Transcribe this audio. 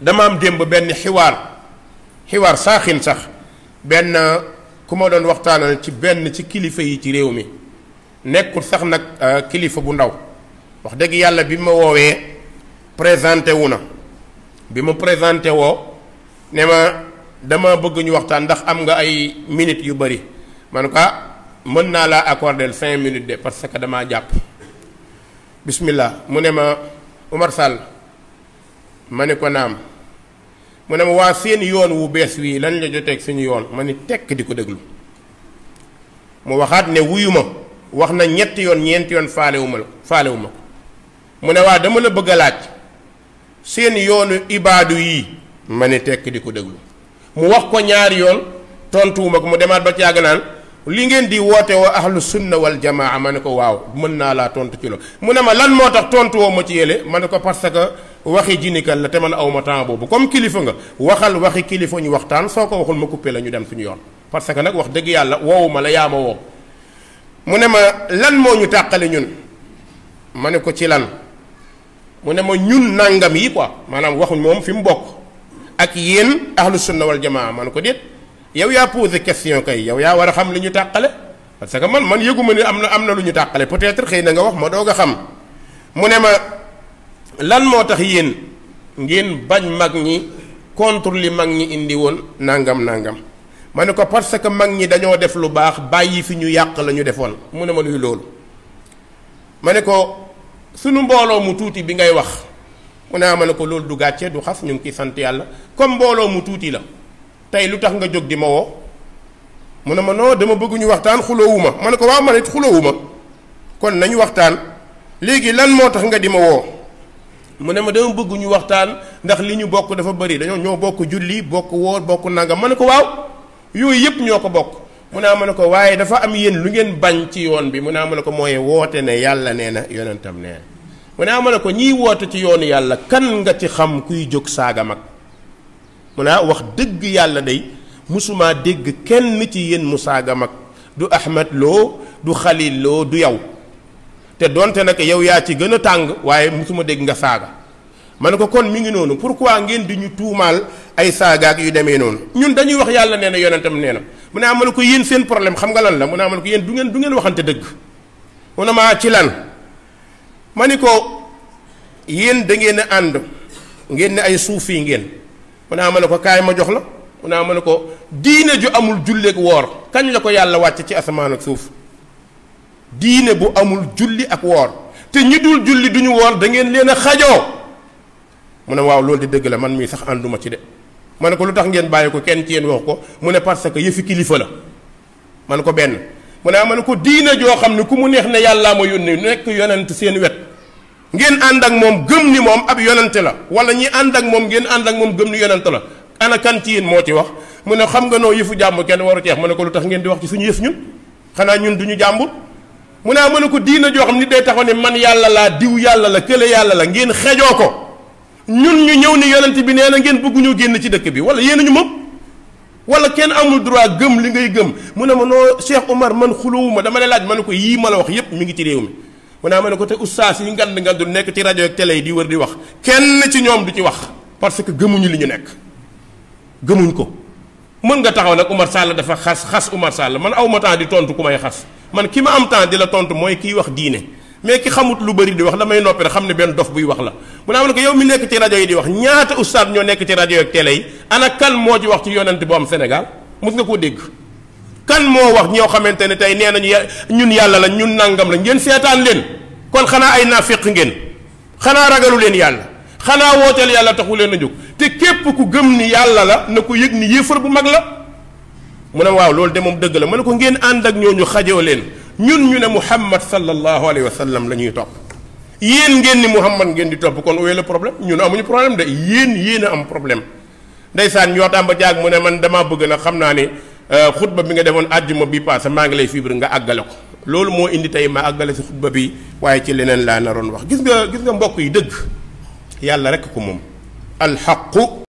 dama am démb benn xiwaar xiwaar saaxin sax benn ku ma doon waxtaanal ci benn ci kilifa yi ci réew mi nekkul sax nag euh, kilifa bu ndaw wax dëgg yàlla bi ma woowee présenté wu na bi ma présenté woo ne ma dama bëgg ñu waxtaan ndax am nga ay minutes yu bëri ma ne ah mën naa laa accorder cinq minutes de parce que damaa jàpp bismillah mu ne ma Umar ma ne ko naam mu ne ma waa seen yoon wu bees wii lan la joteeg suñu yoon ma ni tekk di ko déglu mu waxaat ne wuyu ma wax na ñetti yoon ñeenti yoon faalewu ma faalewu ma ko mu ne waa dama la bëgg a laaj seen yoonu ibaadu yii ma ne tekk di ko mu wax ko ñaari yoon tontuwuma ko mu demaat ba ci yàgg naan li ngeen di woote wa ahlu sunna wal jamaa ma ne ko waaw mën naa laa tontu ci loolu mu ne ma lan moo tax tontuwoo ma ci yële ma ne ko parce que. waxi jinikat la te man awma temps boobu comme kilifa nga waxal waxi kilifa ñu waxtaan soo ko waxul ma coupé la ñu dem suñu yoon parce que nag wax dëgg yàlla woowu ma la yaa ma woo mu ne ma lan moo ñu tàqale ñun ma ne ko ci lan mu ne ma ñun nangam yi quoi maanaam waxuñ moom fi mu bokk ak yéen ahlu sunna wal jamaa ma ko déet yow yaa posé question kay yow yaa war a xam li ñu tàqale parce que man man yëguma ni am na am na lu ñu tàqale peut-être xëy nga wax ma doog xam ma lan moo tax yéen ngeen bañ mag ñi contre mag ñi indi woon nangam nangam ma ne ko parce que mag ñi dañoo def lu baax bàyyi fi ñu yàq la ñu defoon mu ne ma loolu ma ne ko sunu mbooloo mu tuuti bi ngay wax mu ne ah, ma ne ko loolu du gàcce du xas ñun ki sant yàlla comme mbooloo mu tuuti la tey lu tax nga jóg di ma woo mu ne ma non dama bëgg ñu waxtaan xuloowu ma ma ne ko waaw man it xuloowu kon nañu waxtaan léegi lan moo tax nga di ma woo. mu ne ma dama bëgg ñu waxtaan ndax li ñu bokk dafa bëri dañoo ñoo bokk julli bokk woor bokk nangam ma ne ko waaw yooyu yëpp ñoo ko bokk mu naa ma ne ko waaye dafa am yéen lu ngeen bañ ci yoon bi mu naa ne ko mooy woote ne yàlla nee na yonentam nee na mu naa ma ne ko ñiy woote ci yoonu yàlla kan nga ci xam kuy jóg saaga mag mu naa wax dëgg yàlla day musuma dégg kenn ci yéen mu saaga mag du Ahmed loo du Khalil loo du yow te donte nag yow yaa ci gën a tàng waaye musuma dégg nga saaga ma ne ko kon mi ngi noonu pour pourquoi ngeen di ñu tuumaal ay saagaak yu demee noonu ñun dañuy wax yàlla nee na yonentam nee na mu ne ah ne ko yéen seen problème xam nga lan la mu ne ah ko yéen du ngeen du ngeen waxante dëgg mu ah, ci lan ma ni ko yéen da a ànd ngeen ne ay suuf yi ngeen mu ne ah ko kaay ma jox la mu ne ah ma ne ko diine ju amul julleek woor kañ la ko yàlla wàcc ci asamaan ak suuf. diine bu amul julli ak woor te ñi dul julli duñu woor da ngeen leen a xajoo mu ne waaw loolu di dëgg la man mii sax ànduma ci de ma ne ko lu tax ngeen bàyyi ko kenn ci yéen wax ko mu ne parce que yëfi kilifa la ma ne ko benn mu ne ah, ma ne ko diine joo xam ne ku mu neex ne yàllaa ma yónni nekk yonent seen wet ngeen ànd ak moom gëm ni moom ab yonente la wala ñi ànd ak moom ngeen ànd ak moom gëm ni yonente la ana kan ci yéen moo ci wax mu ne xam nga noo yëfu jàmbur kenn waru ceex ma ne ko lu tax ngeen di wax ci suñu yëf ñun xanaa ñun duñu jàmbur mu ne mën ko diina joo xam ni day taxaw ne man yàlla laa diw yàlla la kële yàlla la ngeen xejoo ko ñun ñu ñëw ni yonent bi nee na ngeen bëgg ñu génn ci dëkk bi wala yéen ñu mëpp wala kenn amul droit gëm li ngay gëm mu ne ma noo cheikh omar man xulowuma dama lay laaj ma ne ko yii ma la wax yépp mi ngi ci réew mi mu ne ma ne ko te oustaz yi ngand ngandul nekk ci rajo ak télé yi di wër di wax kenn ci ñoom du ci wax parce que gëmuñu li ñu nekk gëmuñ ko mën nga taxaw nag omar sall dafa xas xas omar sall man aw ma temps di tontu ku may xas man ki ma am temps di la tontu mooy kiy wax diine mais ki xamut lu bari di wax damay noppi rek xam ne benn dof buy wax la mu ne am na ko yow mi nekk ci rajo yi di wax ñaata ustaad ñoo nekk ci rajo yi ak télé yi ana kan moo ci wax ci yonent bu am Sénégal mos nga koo dégg kan moo wax ñoo xamante ne tey nee nañu ya ñun yàlla la ñun nangam la ngeen seetaan leen kon xanaa ay naa naafiq ngeen xanaa ragalu leen yàlla xanaa wooteel yàlla taxu leen a jóg te képp ku gëm ni yàlla la na ko yëg ni yéefar bu mag la mu ne waaw loolu de moom dëgg la ma ne ko ngeen ànd ak ñooñu xajoo leen ñun ñu ne muhammad sallallahu alayhi wa sallam la ñuy topp yéen ngeen ni muhammad ngeen di topp kon ooyee la problème ñun amuñu problème de yéen yéen a am problème ndeysaan ñoo tàmba jaag mu ne man dama bëgg na xam naa ni xutba bi nga defoon àjjuma bi passé maa ngi lay fibre nga àggale ko loolu moo indi tey ma àggale si xutba bi waaye ci leneen laa naroon wax gis nga gis nga mbokk yi dëgg yàlla rek ko moom alxaqu